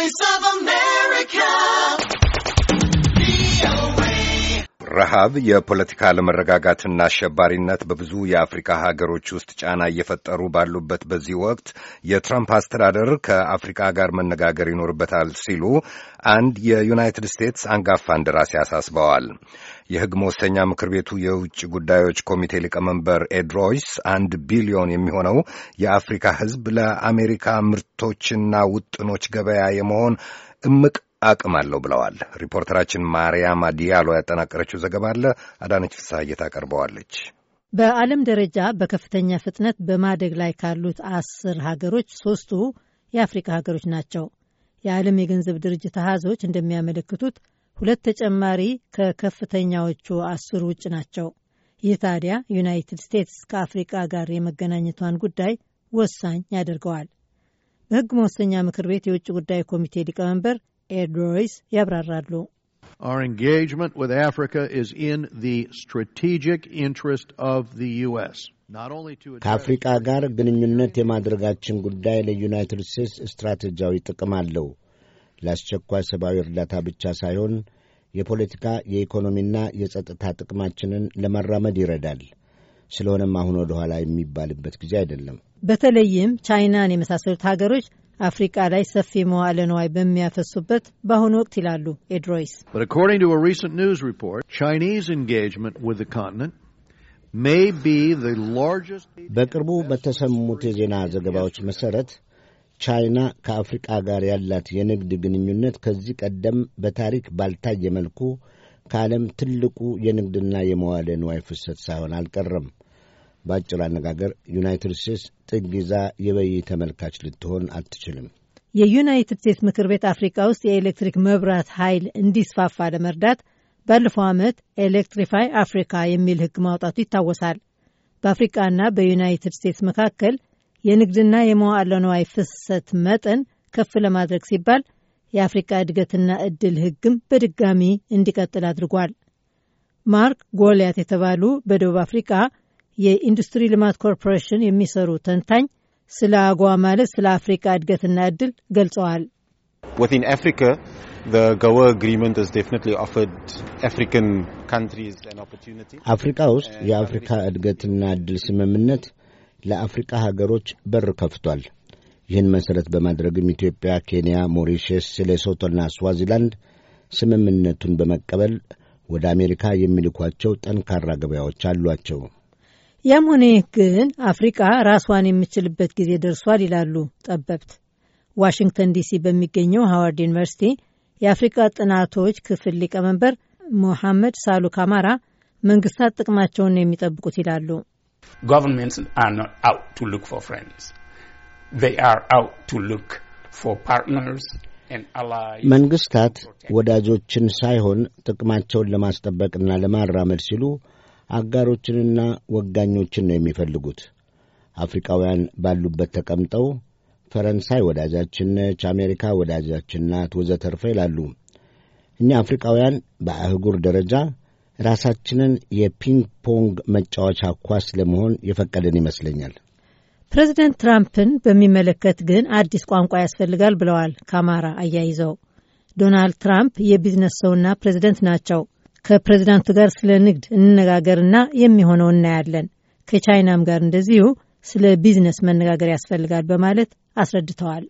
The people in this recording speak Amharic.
Voice of America. ረሃብ፣ የፖለቲካ አለመረጋጋትና አሸባሪነት በብዙ የአፍሪካ ሀገሮች ውስጥ ጫና እየፈጠሩ ባሉበት በዚህ ወቅት የትራምፕ አስተዳደር ከአፍሪካ ጋር መነጋገር ይኖርበታል ሲሉ አንድ የዩናይትድ ስቴትስ አንጋፋ እንደራሴ አሳስበዋል። የሕግ መወሰኛ ምክር ቤቱ የውጭ ጉዳዮች ኮሚቴ ሊቀመንበር ኤድ ሮይስ አንድ ቢሊዮን የሚሆነው የአፍሪካ ሕዝብ ለአሜሪካ ምርቶችና ውጥኖች ገበያ የመሆን እምቅ አቅም አለው ብለዋል። ሪፖርተራችን ማርያማ ዲያሎ ያጠናቀረችው ዘገባ አለ አዳነች ፍስሐዬ ታቀርበዋለች። በዓለም ደረጃ በከፍተኛ ፍጥነት በማደግ ላይ ካሉት አስር ሀገሮች ሶስቱ የአፍሪካ ሀገሮች ናቸው። የዓለም የገንዘብ ድርጅት አሃዞች እንደሚያመለክቱት ሁለት ተጨማሪ ከከፍተኛዎቹ አስር ውጭ ናቸው። ይህ ታዲያ ዩናይትድ ስቴትስ ከአፍሪቃ ጋር የመገናኘቷን ጉዳይ ወሳኝ ያደርገዋል። በሕግ መወሰኛ ምክር ቤት የውጭ ጉዳይ ኮሚቴ ሊቀመንበር ኤድሮይስ ያብራራሉ። Our engagement with Africa is in the strategic interest of the U.S. ከአፍሪቃ ጋር ግንኙነት የማድረጋችን ጉዳይ ለዩናይትድ ስቴትስ ስትራቴጂያዊ ጥቅም አለው። ለአስቸኳይ ሰብአዊ እርዳታ ብቻ ሳይሆን የፖለቲካ የኢኮኖሚና የጸጥታ ጥቅማችንን ለማራመድ ይረዳል። ስለሆነም አሁን ወደ ኋላ የሚባልበት ጊዜ አይደለም። በተለይም ቻይናን የመሳሰሉት ሀገሮች አፍሪቃ ላይ ሰፊ መዋዕለ ንዋይ በሚያፈሱበት በአሁኑ ወቅት ይላሉ ኤድሮይስ። በቅርቡ በተሰሙት የዜና ዘገባዎች መሠረት ቻይና ከአፍሪቃ ጋር ያላት የንግድ ግንኙነት ከዚህ ቀደም በታሪክ ባልታየ መልኩ ከዓለም ትልቁ የንግድና የመዋለ ንዋይ ፍሰት ሳይሆን አልቀረም። በአጭር አነጋገር ዩናይትድ ስቴትስ ጥግ ይዛ የበይ ተመልካች ልትሆን አትችልም። የዩናይትድ ስቴትስ ምክር ቤት አፍሪካ ውስጥ የኤሌክትሪክ መብራት ኃይል እንዲስፋፋ ለመርዳት ባለፈው ዓመት ኤሌክትሪፋይ አፍሪካ የሚል ሕግ ማውጣቱ ይታወሳል። በአፍሪቃና በዩናይትድ ስቴትስ መካከል የንግድና የመዋዕለ ንዋይ ፍሰት መጠን ከፍ ለማድረግ ሲባል የአፍሪቃ እድገትና እድል ሕግም በድጋሚ እንዲቀጥል አድርጓል። ማርክ ጎልያት የተባሉ በደቡብ አፍሪቃ የኢንዱስትሪ ልማት ኮርፖሬሽን የሚሰሩ ተንታኝ ስለ አጓ ማለት ስለ አፍሪካ እድገትና እድል ገልጸዋል። አፍሪካ ውስጥ የአፍሪካ እድገትና እድል ስምምነት ለአፍሪካ ሀገሮች በር ከፍቷል። ይህን መሠረት በማድረግም ኢትዮጵያ፣ ኬንያ፣ ሞሪሼስ፣ ሌሶቶና ስዋዚላንድ ስምምነቱን በመቀበል ወደ አሜሪካ የሚልኳቸው ጠንካራ ገበያዎች አሏቸው። ያም ሆነ ይህ ግን አፍሪቃ ራስዋን የምችልበት ጊዜ ደርሷል ይላሉ ጠበብት። ዋሽንግተን ዲሲ በሚገኘው ሃዋርድ ዩኒቨርሲቲ የአፍሪቃ ጥናቶች ክፍል ሊቀመንበር ሞሐመድ ሳሉ ካማራ መንግስታት ጥቅማቸውን ነው የሚጠብቁት ይላሉ። መንግስታት ወዳጆችን ሳይሆን ጥቅማቸውን ለማስጠበቅና ለማራመድ ሲሉ አጋሮችንና ወጋኞችን ነው የሚፈልጉት። አፍሪካውያን ባሉበት ተቀምጠው ፈረንሳይ ወዳጃችን ነች፣ አሜሪካ ወዳጃችን ናት፣ ወዘተርፈ ይላሉ። እኛ አፍሪካውያን በአህጉር ደረጃ ራሳችንን የፒንግ ፖንግ መጫወቻ ኳስ ለመሆን የፈቀደን ይመስለኛል። ፕሬዚደንት ትራምፕን በሚመለከት ግን አዲስ ቋንቋ ያስፈልጋል ብለዋል ካማራ አያይዘው። ዶናልድ ትራምፕ የቢዝነስ ሰውና ፕሬዚደንት ናቸው። ከፕሬዚዳንቱ ጋር ስለ ንግድ እንነጋገርና የሚሆነው እናያለን። ከቻይናም ጋር እንደዚሁ ስለ ቢዝነስ መነጋገር ያስፈልጋል በማለት አስረድተዋል።